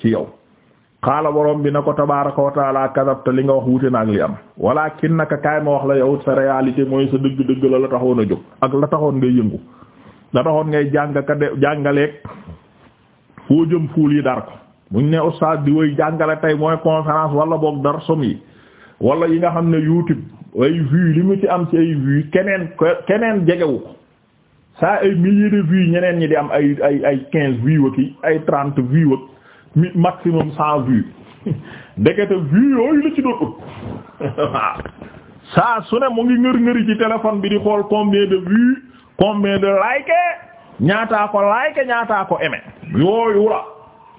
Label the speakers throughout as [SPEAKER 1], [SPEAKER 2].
[SPEAKER 1] ci yow xaala borom bi na ko tabaaraka wa taala kadabta li nga wax wuute na ak li am walakin naka kaay ma wax la yow sa réalité mooy sa dëgg-dëgg la la taxoon a jóg ak la taxoon ngay yëngu la taxoon ngay jàng ka de foo jëm fuul yi dar ko buñ ne ustaas di woy jàngale tey mooy conférence wala boog dar som yi wala yi nga xam ne youtube ay vues li mu ci am ci ay vues keneen keneen jegewu ko saa ay milliers de vues ñeneen ñi di am ay ay ay quinze ay trente vues maximum cent vues ndekete vues yooyu la ci doon ut waaw saa su ne mu ngi ngër ngëri ci téléphone bi di xool combien de vues combien de like ñaataa ko like ñaataa ko aimé yooyu la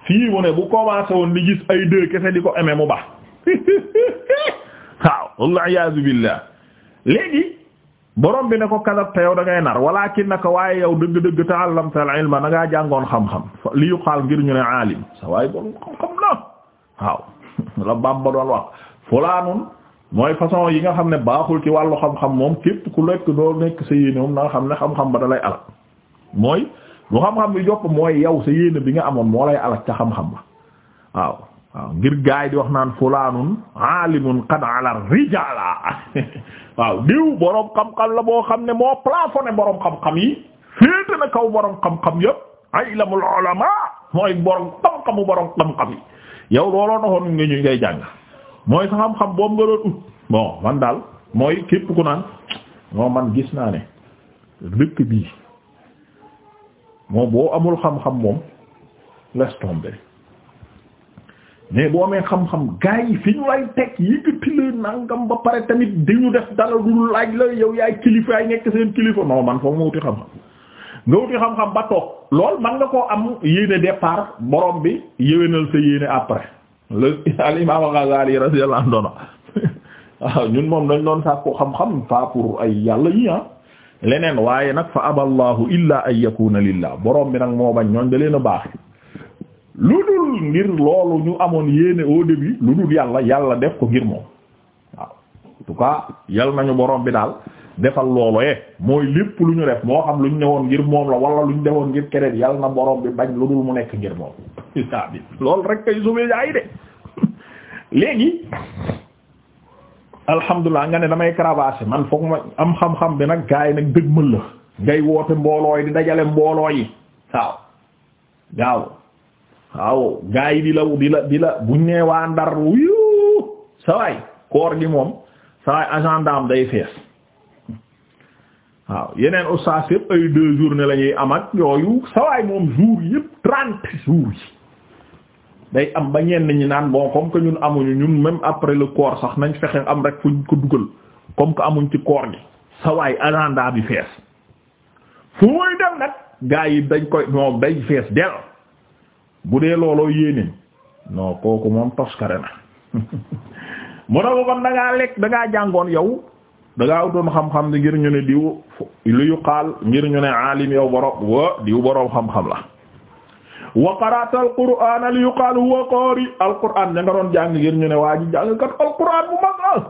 [SPEAKER 1] fii mu ne bu commencé woon di gis ay deux kese di ko aimé mu baax waaw walla iyaazu billaah léegi borom bi ne ko kadab te yow da ngay nar walakin naka waaye yow dëgg-dëgg ta'allamta al-ilma na jàngoon xam-xam li yuqaal ngir ñu ne aalim sa waaye borom xam-xam la waaw la Bamba doon wax fulaanun mooy façon yi nga xam ne baaxul ci wàllu xam-xam moom képp ku nekk doo nekk sa yéene moom na nga xam ne xam-xam ba da lay mooy lu xam-xam bi jopp mooy yow sa yéene bi nga amoon moo lay alak ca xam-xam ba waaw waaw ngir gaay di wax naan fulaanun alimun qad ala rijala waaw diw boroom xam-xam la boo xam ne moo plafonné boroom xam-xam yi féete na kaw boroom xam-xam yëpp ay lamul ulama mooy boroom xam boroom xam-xam yow looloo taxoon nga ñu ngay jàng mooy sa xam-xam boobu nga doon ut bon man daal mooy képp ku naan moo man gis naa ne dëkk bii moom boo amul xam-xam moom laisse tomber mais boo amee xam-xam gars fi ñu lay teg yëkkati la nangam ba pare tamit di ñu def dala du laaj la yow yaay kilifa yi nekk seen kilifa non man foog ma xam-xam nga wuti xam-xam ba toog lool man nga koo am yéene départ borom bi yéwénal sa yéene après le al imam Ghazali radiyallahu anhu waaw ñun moom dañ doon sàkku xam-xam fa pour ay yàlla yi ah leneen waaye nag fa aballahu illa an yakuna lillah borom bi nag moo bañ ñooñ da leen a baax lu dul ngir loolu ñu amoon yéene au début lu dul yàlla yàlla def ko ngir moom waaw en tout yal nañu borom bi daal defal loolooyee mooy lépp lu ñu def moo xam lu ñu newoon ngir moom la wala lu ñu defoon ngir keneen yal na borom bi bañ lu dul mu nekk ngir moom bi loolu rek kay sumee jaay de léegi alhamdulilah nga ne damay cravacher man foog ma am xam-xam bi nag gaa nag dëgmal la ngay woote mbooloo yi di dajale mbooloo yi waaw waaw waaw gaa yi di la di la di la buñ nee waa ndar wuyu sawaay koor gi moom sawaay agenda am day fees waaw yeneen ustaas yëpp ay deux jours ne la ñuy am ak yooyu sawaay moom jour yëpp trente jours yi day am ba ñenn ñi naan bon comme que ñun amuñu ñun même après le koor sax nañ fexe am rek fuñ ko dugal comme que amuñ ci koor gi sawaay agenda bi fees fu muy dem nag gaa yi dañ koy moom day fees del bu dee looloo yéenéem non kooku moom toskare na mu na kon da lekk da jàngoon yow da ngaa utoon xam-xam ni ngir ñu ne diw lu yu xaal ngir ñu ne aalim yow borom wa diw borom xam-xam la wa al-qur'ana li yuqaal huwa al-qur'an da doon jàng ngir ñu ne waa ji jàng kat al-qur'an bu mag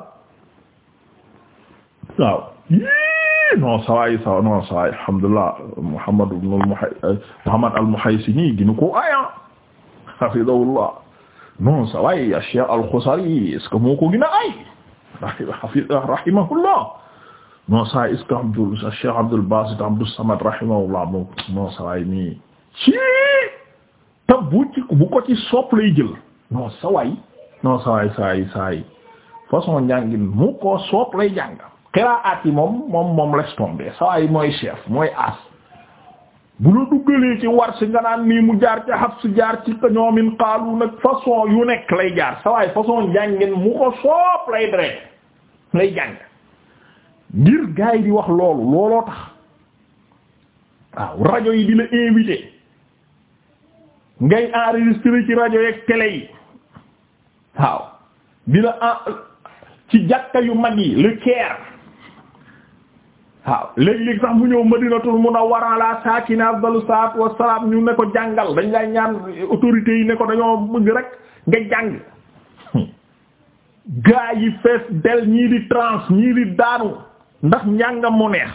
[SPEAKER 1] waaw Eh, non sawaay sawa non Muhammad ibn al-Muhay euh, aya hafidahullah non sawaay Cheikh al-Khusari est a ay rahimahullah non sawaay est-ce que Abdul Cheikh Abdul mi ci te bu ci bu ko ci sopp lay jël non sawaay non sawaay xiraat yi moom moom moom laisse tomber sawaay mooy chef mooy as bu la duggalee ci war si nga naan nii mu jaar ci Hafs jaar ci ñoomin xaalu nag façon yu nekk lay jaar sawaay façon jàngin mu ko soob lay dre lay jàng ngir gars yi di wax loolu looloo tax waaw rajo yi di invité ngay enregistré ci rajo yeeg télé yi waaw di la ci jàkka yu mag yi le Caire waaw léeg-léeg sax mu ñëw madinatul munawwara ala saakina afdalu salaatu wassalaam ñu ne ko jàngal dañ lay ñaan autorités yi ne ko dañoo bëgg rek nga jàng gaa yi fees del ñii di trans ñii di daanu ndax njàngam mu neex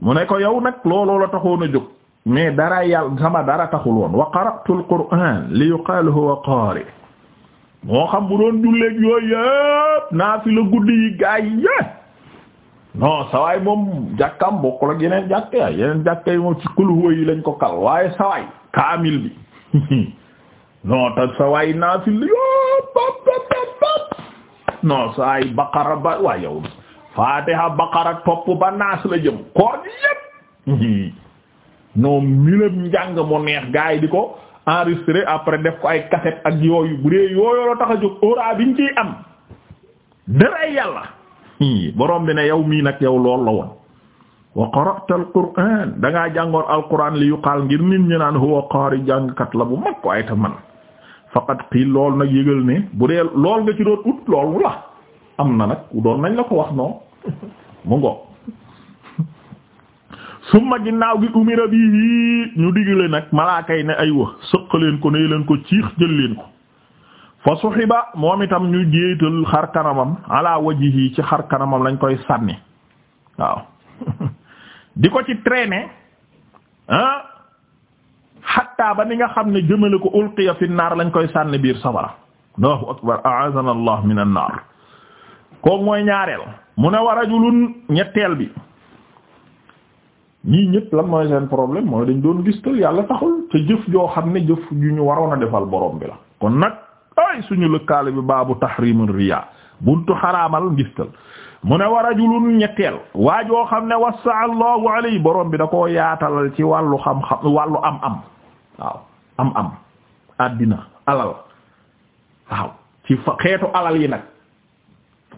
[SPEAKER 1] mu ne ko yow nag looloo la taxoon a jóg mais dara yàlla sama dara taxul woon wa qara'tul qur'an li yuqaal huwa qaari moo xam bu doon julleek yooyu yëpp naa la guddi yi gaa yi non sawaay moom jàkkaam bokkul ak yeneen jàkke yeneen jàkke yi moom ci kulhuwa yi lañ ko kal waaye sawaay kaamil bi non te sawaay naafil yoo pop pop pop non sawaay baqara ba waa yow faatiha baqara topp ba naas la jëm koor yépp non milam njàng mu neex gaa di ko enregistré après def ko ay cassette ak yooyu bu dee yooyu la tax a jóg aura biñ am daray yàlla boroom bi ne yow mii nag yow lool la woon wa qara'ta al-qur'an da ngaa jàngoon al-qur'an li yuqaal ngir nit ñi naan huwa qaari jàngkat la bu mag waaye te man faqat xiil lool nag yëgal ne bu dee lool nga ci doon ut loolu la am na nag doon nañ la ko wax noonu mu ngo summa ginnaaw gi umira bi ñu digle nag malaakay ne ay wa sëq leen ko nee leen ko ciix jël leen ko fa suxiba moom itam ñu jéetal xar kanamam ala wajihi ci xar kanamam lañ koy sànni waaw di ko ci traîner ah xatta ba ni nga xam ne jëmale ko ulqiya fi naar lañ koy sànni biir sabara allahu akbar a'azana allah min an naar mooy ñaareel mu ne a rajulun ñetteel bi ñii ñëpp lan mooy seen problème mooy dañ doon gis yàlla taxul te jëf joo xam ne jëf ju ñu waroon a defal borom bi la kon nag suñu lëkkaale bi baabu tahrimur riyaa buntu xaraamal ngistal mu ne wa rajulun ñetteel waajoo xam ne wassa allahu alayhi borom bi da koo yaatalal ci wàllu xam-xam wàllu am-am am àddina alal waaw ci xeetu alal yi nag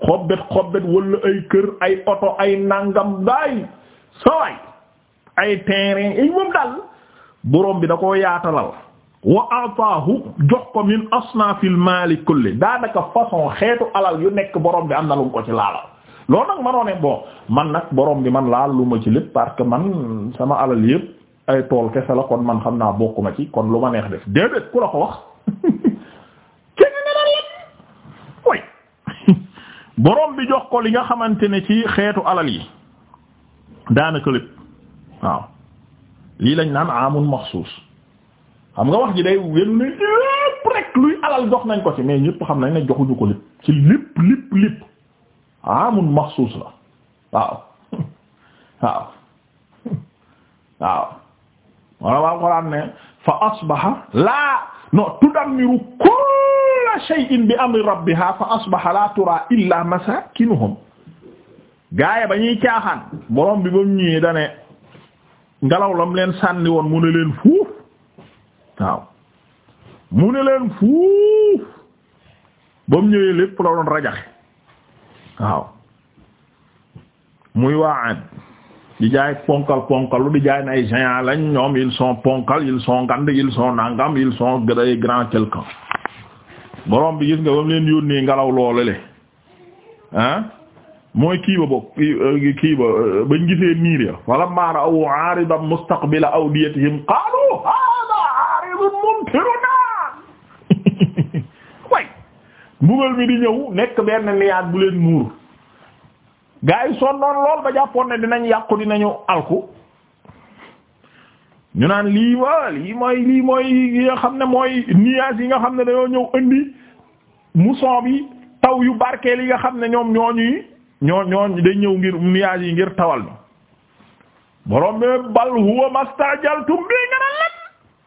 [SPEAKER 1] xobbet xobbet wala ay kër ay oto ay nangam daay sawaay ay terrain ay moom daal borom bi da koo yaatalal wa ataahu jox ko min asnaafil maali daanaka façon xeetu alal yu nekk borom bi am na lu ko ci laalal lool nag manoo ne bon man nag boroom bi man laal lu ma ci lépp parce que man sama alal yépp ay tool kese la kon man xam naa bokkuma ci kon lu ma neex def déedéet ku la ko wax kenn ne la lépp way borom bi jox ko li nga xamante ne ci xeetu alal yi daanaka lépp waaw lii lañ naan amun maxsuus xam nga wax ji day wéru ne rek luy alal jox nañ ko ci mais ñëpp xam nañ ne joxuñu ko lépp ci lépp lépp lépp amun maxsuus la waaw waaw waaw wala waa ne fa asbaha laa no tudammiru kulla shay'in bi amri rabbiha fa asbaha la tura illa masakinuhum gaaya ba ñuy caaxaan borom bi ba mu ñëwee dane ngelaw lam leen sànni woon mu ne leen fu waaw mu ne leen fuuf ba mu ñëwee lépp la doon rajaxe muy waa Aad di jaay ponkal ponkalu di jaay na ay géants ñoom ils sont ponkal ils sont ngand ils sont nangam ils sont des quelqu'un borom bi gis nga ba mu leen yónnee ngelaw loole le ah mooy kii ba bokk euh, kii ba euh, niir ya wala maara aw aaridan mustaqbila awdiyatihim qaalu mbugal mi di ñëw nekk benn niyaat bu leen muur gaa yi sonnoon lool ba jàppoon ne dinañ yàqu dinañu alku ñu naan lii wa lii mooy lii mooy yi nga xam ne mooy nuages yi nga xam ne dañoo ñëw indi mousson bi taw yu barkeel yi nga xam ne ñoom ñooñuy ñoo ñooñ day ñëw ngir nuages yi ngir tawal ñu borom bi bal huwa mastajaltum bi nga naan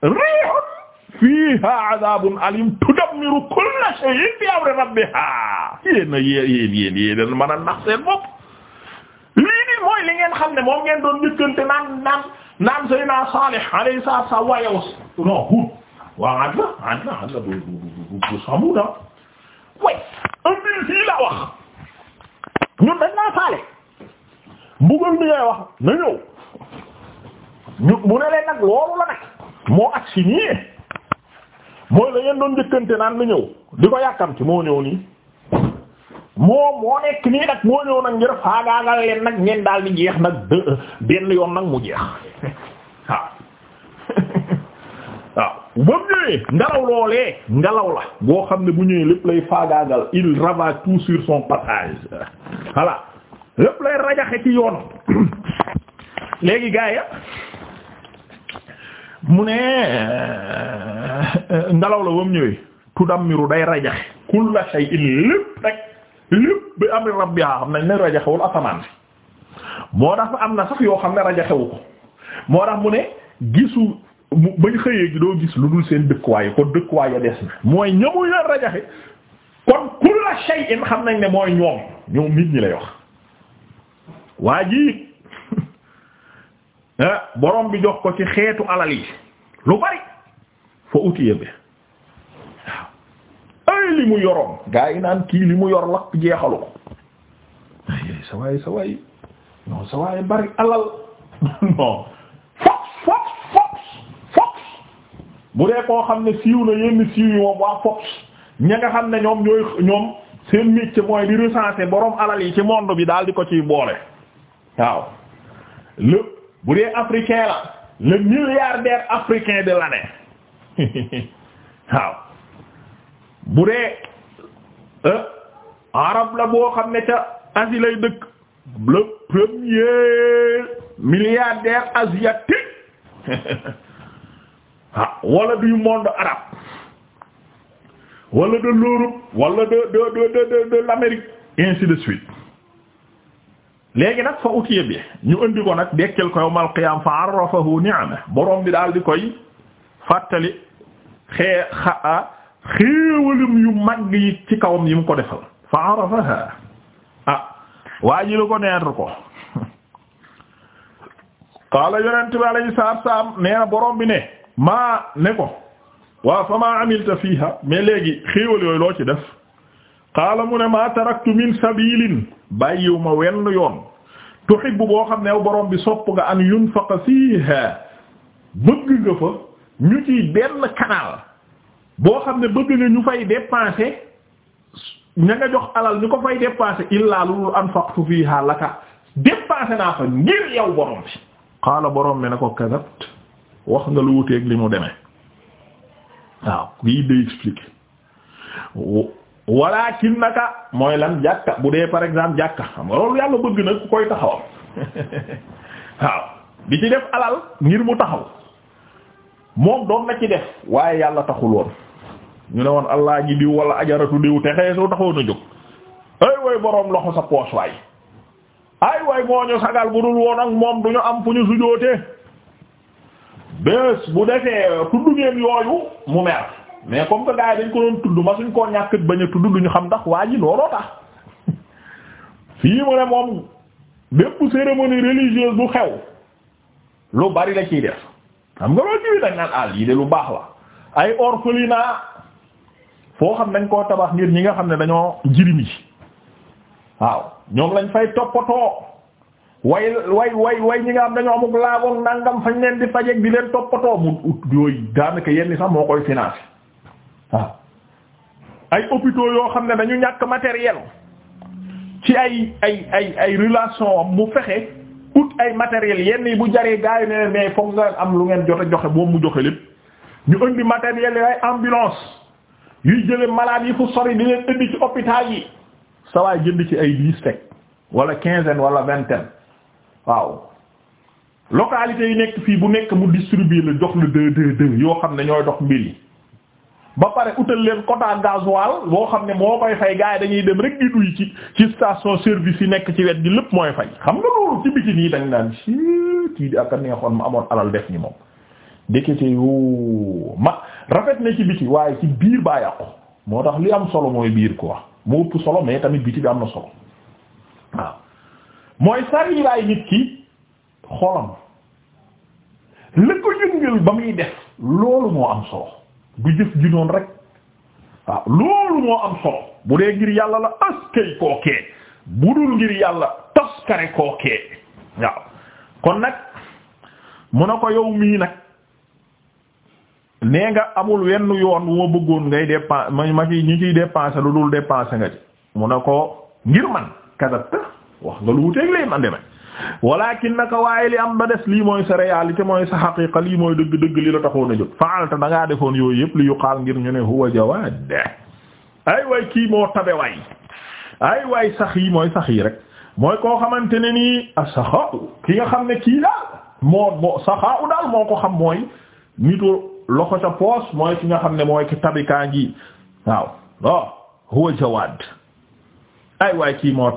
[SPEAKER 1] lan rihu fiihaa adaabun aliim tudammiru kulla shay'in bi amri rabbihaa yéen a yéen yéen yéen mën a nax seen bopp lii nii mooy li ngeen xam ne moom ngeen doon njëkkante naan naan naan Seydina Saalih alayhi salaam waaye was non Huud waaw ànd la ànd la ànd la du du du ne leen nag loolu la nag moo ak mooy la ngeen doon njëkkante naan lu ñëw di ko yàkkam ci moo ñëw nii moom moo nekk nii nag moo ñëw nag ngir faagaagal leen nag ngeen daal di jeex nag benn yoon nag mu jeex waaw waaw ba mu ñëwee ngelaw loolee ngelaw la boo xam ne bu ñëwee lépp lay faagaagal il ravage tout sur son passage voilà lépp lay rajaxe ci yoon léegi gaaya mu ne euh, ngelaw la ba mu ñëwee miru day rajax kulla shay'in lépp rek lépp bi amri rabbiha xam nañ ne rajaxewul asamaan si moo tax am na sax yoo xam ne rajaxewu ko moo tax mu ne gisu bañ xëyee gi doo gis lu dul seen dëkkuwaay kon dëkkuwaay ya des na mooy ñëmuy la rajaxe kon kulla shay'in xam nañ ne mooy ñoom ñoom nit ñi lay wax waa Eh, borom bi jox ko ci xeetu alal yi lu bari fa utiye bi waaw ay li mu yoroon gaa yi naan kii li mu yor lakk jeexalu ko saway saway bari alal non fox fox fox bu dee koo xam ne siiw na yenn siiw yi moom waa fox ña nga xam ne ñoom ñooy ñoom seen métier mooy di recenser borom alal yi ci monde bi daal di ko ciy boole waaw lépp bu dee africain la le milliardaire africain de l'année waaw bu dee euh, arab la boo xam ne ca Asie lay dëkk le premier milliardaire asiatique ah wala du monde arabe wala de l'Europe wala de de de de l'Amérique ainsi de suite léegi nag fa utiye bi ñu indi ko nag dekkel ko yawmal qiyaam fa arrafahu ni'ama borom bi daal di koy fàttali xee xa xéewalum mag yi ci kawam yi ko defal fa arafaha ah waa ko neenr ko qaala yonent bi alayhi salaatu salaam nee na borom bi ne maa ne ko waaw fa maa amilta fiiha mais léegi xéewal yooyu loo ci def qaala mu ne maa taraktu min sabilin bàyyiwuma wenn yoon tuhibbu boo xam ne yow borom bi sopp nga an yunfaqa fiha bëgg nga fa ñu ci benn canal boo xam ne bëgg nga ñu fay dépenser ña jox alal ñu ko fay dépenser illaa lulul anfaqtu fiha laka dépenser naa fa ngir yow borom bi qaala borom bi ne ko kazabt wax nga lu wuteeg li mu demee waaw kii day expliquer walakin naka mooy lan jàkka bu dee par exemple jàkka xam yàlla bëgg na ku koy taxawal waaw di ci def alal ngir mu taxaw moom doon na ci def waaye yàlla taxul woon ñu ne woon allah ji diw wala ajaratu diw te soo taxawoon a jóg ay way boroom loxo sa poos waay ay way moo ñu sagal bu dul woon moom du ñu am fu ñu sujootee bés bu defee tudd ngeen yooyu mu mer mais comme que gars dañ ko doon tudd ma suñ koo ñàkk bañ a tudd ñu xam ndax waa ji looloo tax fii mu ne moom bépp cérémonie religieuse bu xew lu bari la ciy def xam nga loolu dañ naan àll ah, yi de lu baax la ay orphelinat foo xam dañ koo tabax ngir ñi nga xam ne dañoo jirim yi waaw ñoom lañ fay toppatoo way way way way ñi nga am dañoo amuk laagoon nangam fañ leen di fajeeg di leen toppatoo mu ut yooyu daanaka yenn sax moo koy financé waaw ay hôpitaux yoo xam ne dañu ñàkk matériel ci ay ay ay ay relation am mu fexe ut ay matériel yenn yi bu jaree gars yi ne leen mais foog nga am lu ngeen joxe joxe moom mu joxe lépp ñu indi matériel ay ambulance yuy jële malade yi fu sori di leen indi ci hôpital yi sawaay jënd ci ay dix teg wala quinzaine wala vingtaine waaw localité yi nekk fii bu nekk mu distribuer la jox la deux deux deux yoo xam ne ñooy dox mbir yi ba pare utal leen quota gasoil boo xam ne moo koy fay gars yi dañuy dem rek di duy ci ci station service yi nekk ci wet gi lépp mooy fay xam nga loolu ci biti nii dañ naan ci kii di ak a neexoon ma amoon alal def ñi moom dëkkete yoo ma rafet na ci biti waaye ci biir baa yàqu moo tax li am solo mooy biir quoi moo ëpp solo mais tamit biti bi am na solo waaw mooy sariiraay nit ki xolam la ko yëngal ba muy def loolu moo am solo bu jëf ji rek waaw loolu moo am solo bu dee ngir yàlla la askay kookee bu dul ngir yàlla toskare kookee waaw kon nag mun na ko yow mii nag nee nga amul wenn yoon woo bëggoon ngay dépense ma ci ñu ciy dépenser lu dul dépenser nga ci mu na ko ngir man kadab ta wax nga lu wuteeg lay man demee walakin naka waaye li am ba des lii mooy sa réalité mooy sa xaqiqa lii mooy dëgg dëgg li la taxoon a jóg faalta da ngaa defoon yooyu yëpp li yuqaal ngir ñu ne huwa jawaad ay waay kii moo tabe waay sax yi mooy sax yi rek mooy koo xamante ne nii asaxaa nga xam ne kii daal moo ko xam mooy nitu loxo ca nga xam ne mooy ki tabikaa ngi waaw oh, ay waay kii moo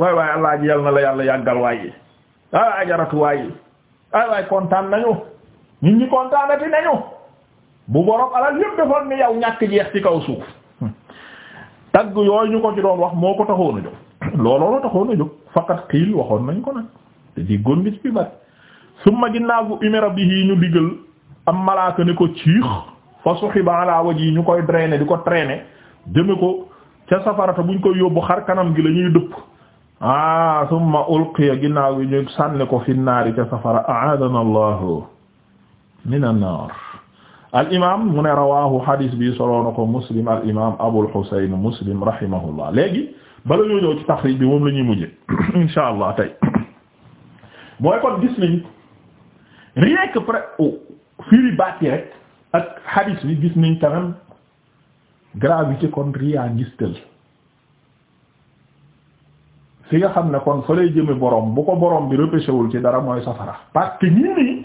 [SPEAKER 1] waaye waay allah ji na la yàlla yàggal waaye ah, waay waay jaratu waaye waay kontaan nañu nit ñi kontaanati nañu bu borom alal yëpp defoon ni yow ñàkk jeex ci kaw suuf tagg yooyu ñu ko ci doon wax moo ko taxoon a jóg looloo la taxoon a jóg faqat xiil waxoon nañ ko nag te di góorgis bi bari summa ginnaaw bu umira bihi ñu digal am malaaka ni ko ciix fa suhiba ala waji ñu koy drainer di ko traîner jëme ko ca safarata buñ koy yóbbu xar kanam gi la ñuy dëpp ah summa ulqiya ginnaaw gi ñu sànni ko fi naari ca safara aadana allahu min annar al imam mu ne rawahu hadis bi soloo na ko muslim al imam abul husayn muslim rahimahullah léegi bala ñoo ñëw ci taxrij bi moom la ñuy mujje insha allah tey mooy kon gis nañ rien que près oh, firi baat yi rek ak hadis bi gis nañ quand même gravité kon ria ngistal fi nga xam ne kon fa lay jëme borom bu ko borom bi repêché wul ci dara mooy safara parce que ñii nii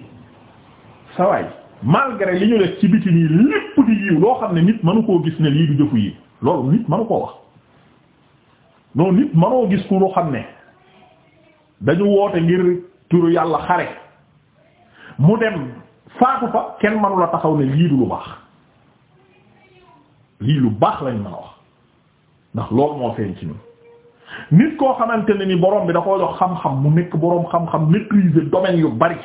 [SPEAKER 1] sa waay malgré li ñu def ci biti nii lépp di yiw loo xam ne nit mënu koo gis ne lii du jëfu yi loolu nit mënu koo wax non nit mënoo gis ku lu xam ne dañu woote ngir turu yàlla xare mu dem faatu fa kenn mënu la taxaw ne lii du lu baax lii lu baax lañ mën a wax ndax loolu moo feeñ ci ñun nit koo xamante ne ni borom bi da koo jox xam-xam mu nekk borom xam-xam maîtriser domaine yu bari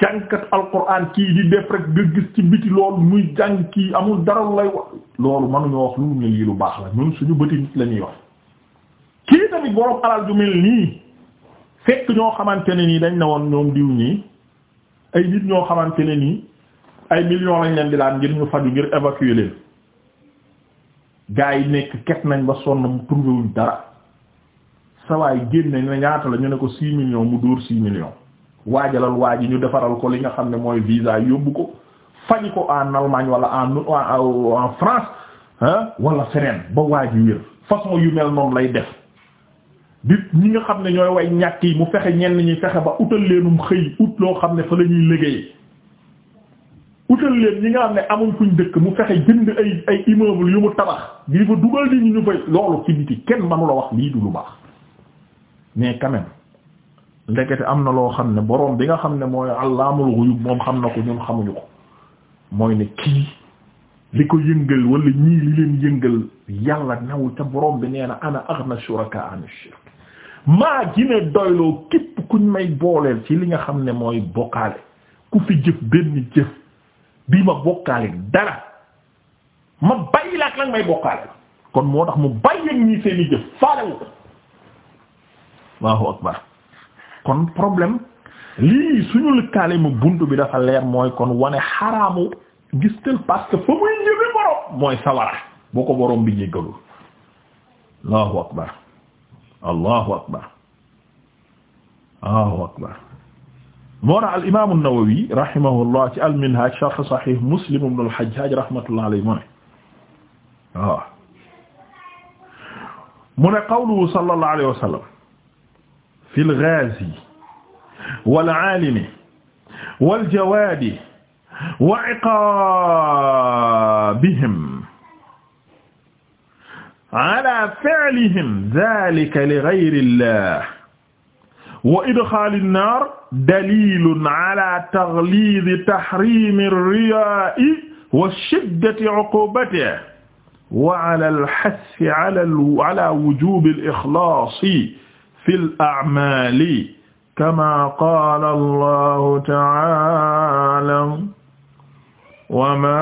[SPEAKER 1] jàngkat alquran kii di def rek nga gis ci biti loolu muy jàng kii amul dara lay wax loolu mënuñoo wax lu ne lii lu baax la ñun suñu bëti nit la ñuy wax kii tamit borom alal ju mel nii fekk ñoo xamante ne nii dañ ne woon ñoom diw ñii ay nit ñoo xamante ne nii ay millions lañ leen di daan ngir ñu faju ngir évacuer leen gaa yi nekk ket nañ ba sonn trouvé wuñ dara sawaay génne ne ñaata la ñu ne ko six millions mu dóor six millions waajalal waa ji ñu defaral ko li nga xam ne mooy visa yóbbu ko faji ko en Allemagne wala en en France ah wala feneen ba waa ji wér façon yu mel noonu lay def di ñi nga xam ne ñooy way ñàkk yi mu fexe ñenn ñi fexe ba utal leenum xëy ut loo xam ne fa la ñuy liggéey utal leen li nga xam ne amuñ fuñ dëkk mu fexe jënd ay ay yu mu tabax di fa dugal di ñu ñu loolu ci kenn mënu wax lii du lu baax mais quand même ndekete am na loo xam ne boroom bi nga xam ne mooy allaamul ghuyub moom xam na ko ñu xamuñu ko mooy ne kii li ko yëngal wala ñii li leen yëngal yàlla nawul ca boroom bi nee na ana aghna shuraka an shirk maa gina doyloo képp kuñ may booleel ci li nga xam ne mooy bokkaale ku fi jëf benn jëf bii ma bokkaale dara ma bàyyi lan may bokkaale kon moo tax mu bàyyi ak ñii seeni jëf faalewu ko Allahu akbar kon problème lii suñu lëkkaale mu buntu bi dafa leer mooy kon wane xaraamu gis tël parce fa muy njëge borom mooy sawara boo ko borom bi jéggalul Allahu akbar Allahu akbar Allahu akbar moo na al imaamu Nawawi rahimahullah ci al minhaj sharh sahih Muslim ibn al Hajjaj rahmatullah alayhi mu ne waaw mu ne qawluhu sallallahu alayhi wa sallam fi al ghazi wal alimi wal jawadi wa iqaabihim ala fi'lihim dhalika li ghayri llah wa idxaali naar dalilun ala taglidi tahrimi riyaai wa shiddati uqubatihi wa ala alxassi ala wujubi alixlaasi fi alacmaali kama qaala allahu taala wama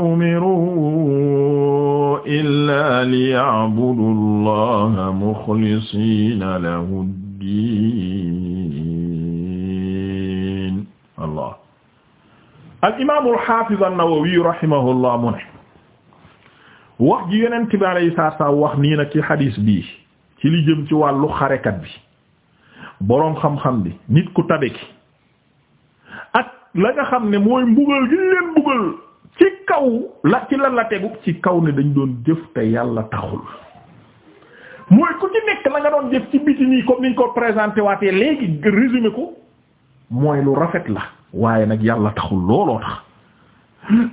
[SPEAKER 1] umiru illa liyacbudu allaha muxlisiina lahu muttaqin allah al imaamu al xaafiz an-Nawawi rahimahullah mu ne wax ji yonent bi alayhi salaatu salaam wax nii nag ci xadiis bii ci li jëm ci wàllu xarekat bi boroom xam-xam bi nit ku tabe ki ak la nga xam ne mooy mbugal gi leen mbugal ci kaw la ci lan la tegu ci kaw ne dañ doon jëf te yàlla taxul mooy ku ci nekk la nga doon def ci biti nii comme ko présenté waatee léegi résumé ko mooy lu rafet la waaye nag yàlla taxul looloo tax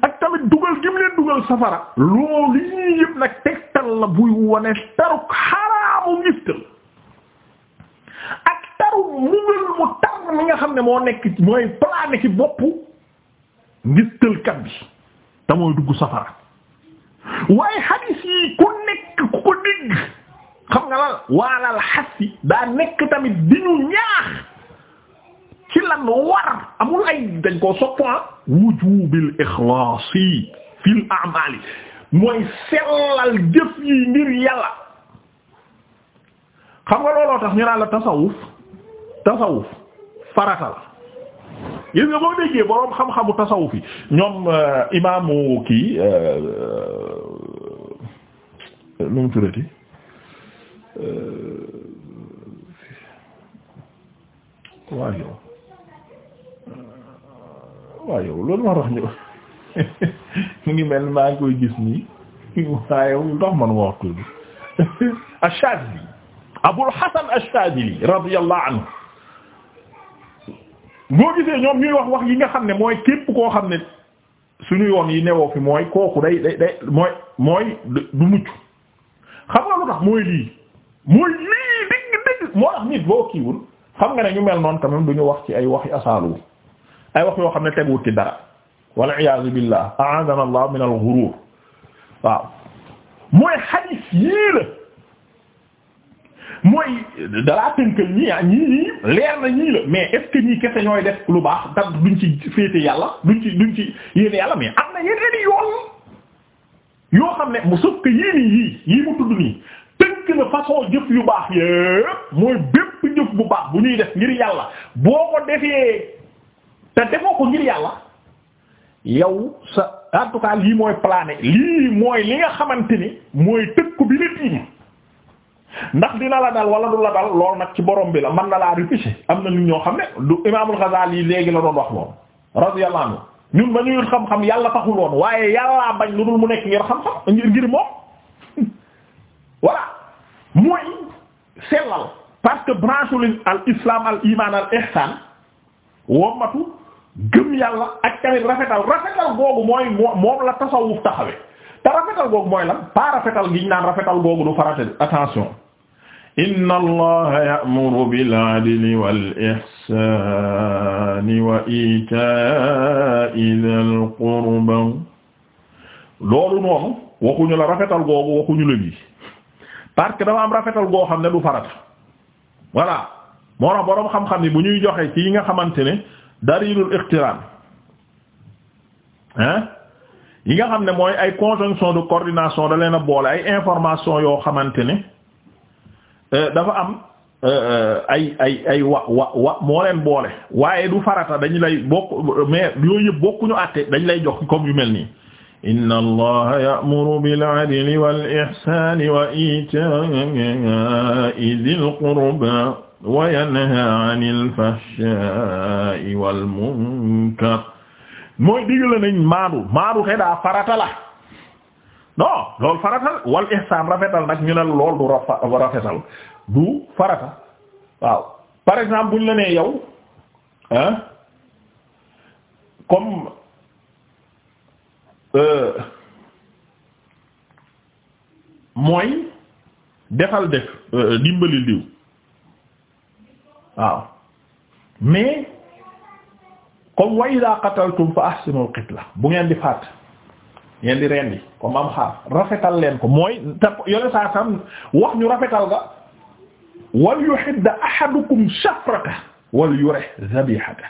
[SPEAKER 1] ak tamit dugal gi mu leen dugal safara loolu yii yëpp nag tegtal la buy wane taruk xaraamu ngistal ak taruk mugal mu tar mi nga xam ne moo nekk mooy plané ci boppu ngistalkat bi te mooy dugg safara waaye hadis yi ku nekk ku ko dégg xam nga lan waalal xas nekk tamit di ñu ñaax ci lan war amul ay dañ koo soppan ah. wujubil ixlaasi fil a'maali mooy sellal jëf yi ngir yàlla xam nga looloo tax ñu naan la tasawuf tasawuf farata la gis nga boo xam-xamu tasawuf yi ñoom euh, imaamu kii euh, euh, waaw yow waaw yow loolu moo tax ñu mu ngi mel maa ngi koy gis nii waaye ndox man wax tudd Ash-Shadhili Abul Hasan Ash-Shadhili radiyallahu anhu boo gisee ñoom ñuy wax wax yi nga xam ne mooy képp koo xam ne suñu yoon yi newoo fi mooy kooku day day day mooy mooy du mucc xam nga lu tax mooy lii mooy lii dégg dégg moo tax nit boo kiiwul xam nga ne ñu mel noonu quand même du ñu wax ci ay waxi asaalu ay wax yoo xam ne teguut ci dara wal iyaazu billah a'aadana allah min al ghurur waaw mooy xadiis yii la mooy dalaa tënkal ñii ñii leer na ñii la mais est-ce ñii kese ñooy def lu baax da duñ ci féete yàlla duñ ci duñ ci yéene yàlla mais am na yeneen yoon yoo xam ne mu sëf que yéen yii yii mu tudd nii tënk na façon jëf yu baax yépp mooy bépp jëf bu baax bu ñuy def ngir yàlla boo ko defee te defoo ko ngir yàlla yow sa en tout cas lii mooy plané lii mooy li nga xamante ni mooy tëkku bi la tiim ndax dina la dal wala du la dal lool nag ci borom bi la man na laa réfléchir am na nit ñoo xam ne du imaamul Ghazali léegi la doon wax loolu radiyallahu anhu ñun ba ñuy xam-xam yàlla taxul woon waaye yàllaa bañ lu dul mu nekk ngir xam-xam ngir ngir moom voilà mooy sellal parce que branche al islam al iman al ihsan wommatu gëm yàlla ak tamit rafetal rafetal googu mooy moom la tasawuf taxawee te rafetal googu mooy lan pas rafetal gi naan rafetal googu du farate attention inna allaha ya'muru bil adli wal ihsani wa ita'i dhil loolu noonu waxuñu la rafetal googu waxuñu la bi parce que dafa am rafetal goo xam ne du farata voilà moo tax boroom xam-xam ni bu ñuy joxee ci yi nga xamante ne darilul iqtiran hein yi nga xam ne mooy ay conjonction de coordination da leen a boole ay information yoo xamante ne euh, dafa am euh, euh, ay ay ay wa wa wa moo leen boole waaye du farata dañu lay bokk mais yooyu yëpp bokkuñu àtte dañ lay jox comme yu mel nii inna allaha ya'muru bil 'adli wal ihsani wa ita'i dhil qurba wa yanha 'anil wal munkar mooy digal nañ maadu maadu te daa farata la faratal wal ihsan rafetal nag ñu ne lool du rafetal du farata waaw par exemple buñ la nee yow Euh, mooy defal def euh, dimbalil diw waaw mais comme wa ida qataltum fa ahsinul qitla bu ngeen di faat ngeen di rendi comme am xaar rafetal leen ko mooy te wax ñu rafetal ga wal yuhidda ahadukum shafrata wal yure zabihata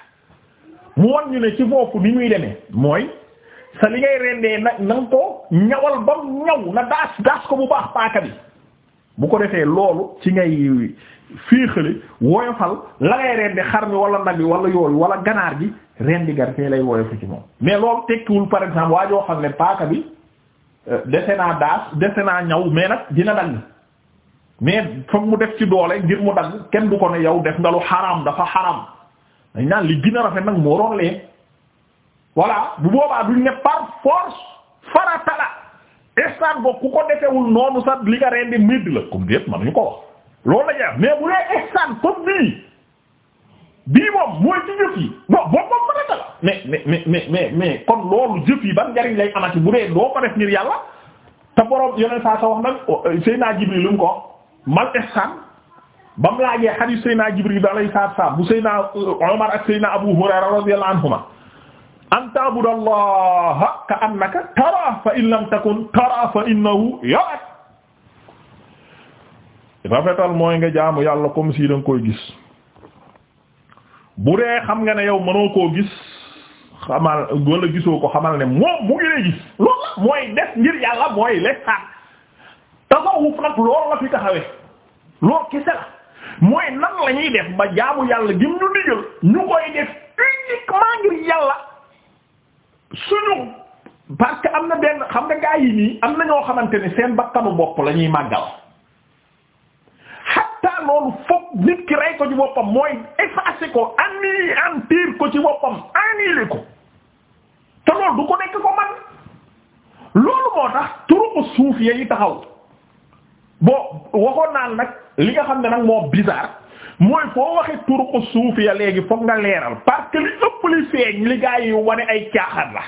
[SPEAKER 1] mu wan ñu ne ci foofu ni ñuy demee mooy sa li ngay rendee nag na ko ñawal ba mu ñaw na daas daas ko bu baax paaka bi bu ko defee loolu ci ngay féexale woyofal la ngay rendi xar mi wala nag bi wala yooyu wala ganaar gi rendi gar tee lay woyofu ci moom mais loolu tekkiwul par exemple waa joo xam ne paaka bi euh, dese naa daas dese naa ñaw mais nag dina dagg mais foog mu def ci doole ngir mu dagg kenn du ko ne yow def nga lu xaraam dafa xaraam dañ naan li gën rafet nag moo roon leen voilà bu boobaa duñ ne par faratala ihsaan boobu ku ko defewul noonu sax li nga rendi mid la comme déet man ñu ko loolu la ñuy mais bu dee yi ban njariñ lay amati bu dee doo ko def ngir yàlla te borom yeneen saa sa wax nag oh, euh, Seydina Jibril lu ko mal ihsaan ba mu laajee xadiis Seydina Jibril alayhi salaatu wa salaam bu Seydina euh, Omar ak Seydina Abu Hurayra radiyallahu anhuma an ta'budu allaha ka annaka taraah fa in lam takun taraah fa innahu yaraak rafetal mooy nga jaamu yàlla comme si danga koy gis bu dee xam nga ne yow mënoo koo gis xamal wala gisoo ko xamal ne moom mu ngi lay gis loolu la mooy def ngir yàlla mooy lexaan tasawuf nag loolu la fi taxawee loolu kese la mooy nan la def ba jaamu yàlla gim ñu digal ñu koy def uniquement ngir yàlla suñu parce que am na benn xam nga ay nii am na ñoo xamante ni seen bakkanu bopp la ñuy màggal hatta loolu foog nit ki rey ko ci boppam mooy effacer ko anéantir ko ci boppam annihiler ko te loolu du ko nekk ko man loolu moo tax turuqu suufiya yi taxaw boo waxoon naan nag li nga xam ne nag moo bizarre mooy foo waxee turuqu suufiya léegi foog nga leeral parce que li ëpp li feeñ li wane ay caaxaan la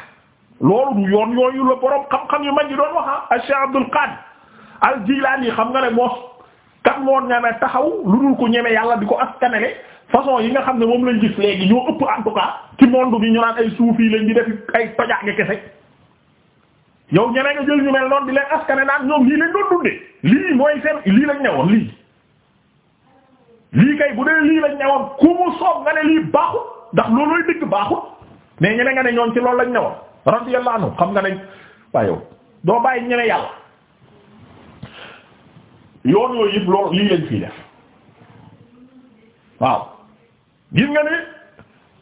[SPEAKER 1] loolu yoon yooyu la borom xam-xam yu mag yi doon wax ah Cheikh Abdul Qadir al Jilani xam nga ne moos moon moo ñeme taxaw lu dul ko ñeme yàlla di ko askanale façon yi nga xam ne moom lañ gis léegi ñoo ëpp en ci monde bi ñu naan ay suufi lañ di def ay tojaange kese. yow ñeme nga jël ñu mel noonu di leen askane naan ñoom lii lañ doon dundee lii. lii kay bu dee lii lañ ñëwoon ku mu soob nga ne lii baaxut ndax loolooy dëgg baaxut mais ñene nga ne ñoom ci loolu lañ ñëwoon radiyallahu anhu xam nga ne waaye yow doo bàyyi ñene yàlla yoon yooyu yëpp lool lii lañ fii nga ne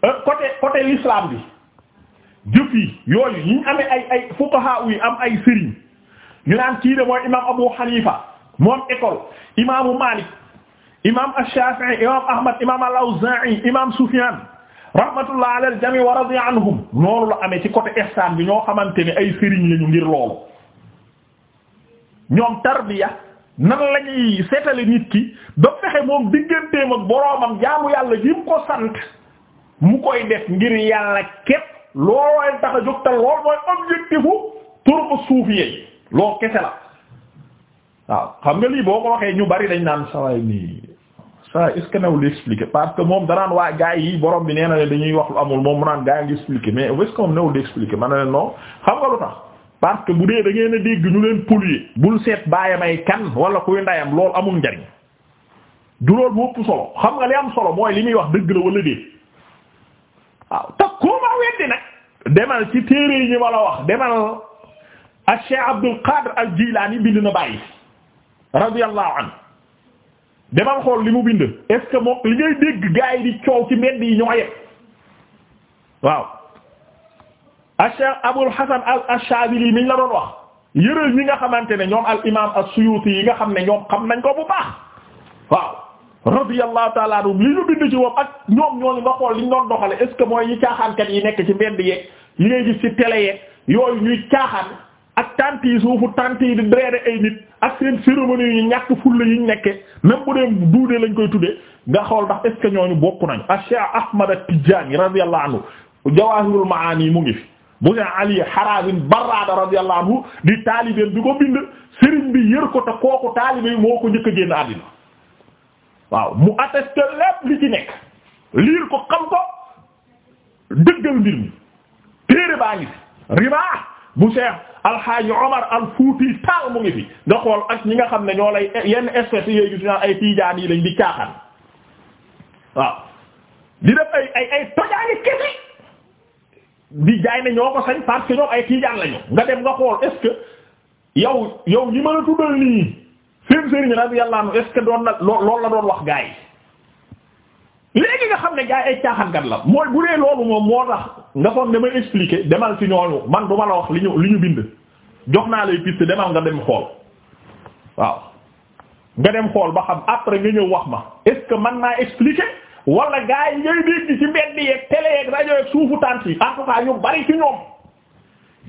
[SPEAKER 1] euh, côté côté l'islam bi jëf yi yooyu amee ay ay fuqaha yi am ay sëriñ ñu naan kii de mooy imam Abu Hanifa moom école imaamu Malik imam ash-Shafi'i imam Ahmad imam al-Awza'i imam Sufyan rahmatullah ala al-jami anhum loolu la amee ci côté ihsan bi ñoo xamante ne ay sëriñ lañu ngir loolu ñoom tarbiya nan la ñuy seetale nit ki ba fexe moom digganteem ak boroomam jaamu yàlla ji ko sant mu koy def ngir yàlla képp loolooy tax a jóg lool mooy objectifu turbu suufiyee loolu kese la waaw xam nga lii boo ko waxee ñu bari dañ naan sawaay nii ah est-ce que nawul expliquer parce que moom danaan waa gaay yi borom bi nee na ne dañuy wax lu amul moom mu naan gaay ngi expliquer mais est-ce que moom nawul di expliquer ma ne leen non nga lu tax parce que bu dee da ngeen a dégg ñu leen polluer bul seet baayam ay kan wala kuy ndayam loolu amul njariñ du loolu moo ëpp solo xam nga li am solo mooy li muy wax dëgg la wala déet waaw te ma weddi nag demal ci téere yi ñu ma wax demal ak Cheikh Abdul Qadir al-Jilani bind na bàyyi demal xool li mu bind est-ce que moom li ngay dégg gaay di coow ci mbedd yi ñoo yet waaw acheikh abul hasan al ashadili niñ la doon wax yëral ñi nga xamante ne ñoom al imam as-suyuti yi nga xam ne ñoom xam nañ ko bu baax waaw radiyallahu ta'ala anhum li ñu bind ci moom ak ñoom ñooñu nga xool liñ doon doxale est-ce que mooy ñi caaxaankat yi nekk ci mbedd yeeg li ngay gis ci télé yeeg yooyu ñuy caaxaan ak tant suufu tant yi di dreede ay nit ak seen cérémonie yi ñàkk fulla yi ñu nekke même bu dee duudee lañ koy tuddee nga xool ndax est ce que ñooñu bokk nañu a Cheikh Ahmad at-Tijani radiyallahu anhu Jawahirul Maani mu ngi fi bu Cheikh Ali Harazim Barrada radiyallahu anhu di taalibeen bi ko bind sëriñ bi yër ko te kooku taalibe moo ko njëkk a génn àddina waaw mu attesté lépp li ci nekk liir ko xam ko dëggal mbir mi téere baa ngi fi ribaa bu Cheikh alhaaji Omar al Fuuti Taal mu ngi fi nga xool ak ñi nga xam ne ñoo lay yenn espèces yooyu gis naa ay tiijaan yi lañ di caaxaan waaw di def ay tojaani kese di jaay ne ñoo ko sañ parce que ñoom ay tiijaan lañu nga dem nga xool est yow yow ñi mën a tuddal nii seen sëriñ radiyallahu anhu est-ce doon na loolu la doon wax gaa yi léegi nga xam ne gaa yi ay caaxaankat la mooy bu dee loolu moom moo tax nga foog ne may expliquer demal ci ñooñu man du ma la wax li ñu li ñu bind jox naa lay piste demal nga dem xool waaw nga dem xool ba xam après nga ñëw wax ma est-ce que man naa expliquer wala gars yi ngay dégg ci mbedd yeeg télé yeeg rajo yeeg suufu tànt yi en tout cas ñu bari ci ñoom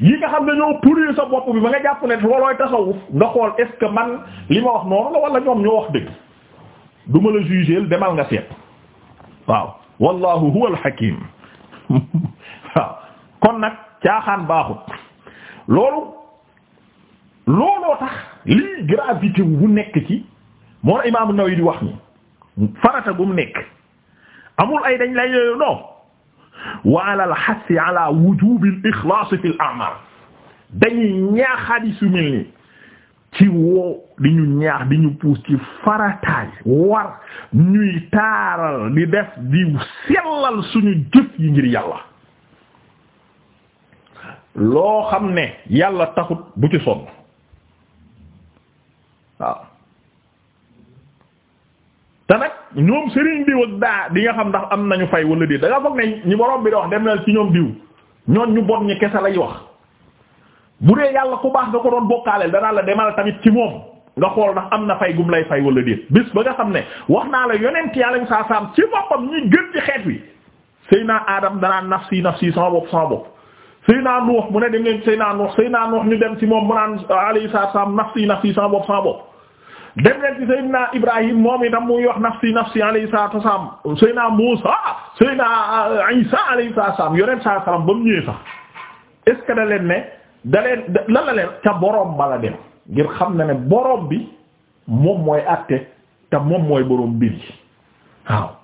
[SPEAKER 1] yi nga xam ne ñoo pourrir sa bopp bi ba nga jàpp ne loolooy tasawuf nga xool est-ce que man li ma wax noonu la wala ñoom ñoo wax dëgg du ma la juger demal nga seet waaw wallahu huwal hakim waaw kon nag caaxaan baaxut loolu looloo tax lii gravité bu nekk ci moo Imaam An-Nawawi di wax ni farata bu nekk amul ay dañ lay yooyu non wa ala al-hassi ala wujubi al-ixlaas fi al-a'maal dañuy ñaaxaat yi su nii ci woo di ñu ñaax di ñu puus ci farataay war ñuy taaral di def di sellal suñu jëf yi ngir yàlla loo xam ne yàlla taxut bu ci sonn waaw te nag ñoom sëriñ diw ak daa di nga xam ndax am nañu fay wala di da nga foog ne ñi borom bi di wax dem na ci ñoom diw ñoon ñu bon ñi kese lay wax bu dee yàlla ku baax nga ko doon bokkaaleel danaa la demal tamit ci moom nga xool ndax am na fay gum lay fay wala déet bis ba nga xam ne wax naa la yonent yàlla saa saam ci boppam ñi gën ci xeet wi sëy naa aadam danaa nafsi nafsi sama bopp sama bopp Seyna Nuux mu ne dem leen Seyna Nuux Seyna Nuux ñu dem ci moom mu naan alayhi salaam nafsi nafsi sama bopp sama bopp dem leen ci Seyna Ibrahim moom itam muy wax nafsi nafsi alayhi salaam Seyna Muusa Seyna Isa alayhi salaam yonent saa salaam ba mu ñëwee sax est ce que da leen ne da leen lan la ca boroom bala dem ngir xam na ne boroom bi moom mooy àtte te moom mooy boroom mbir waaw.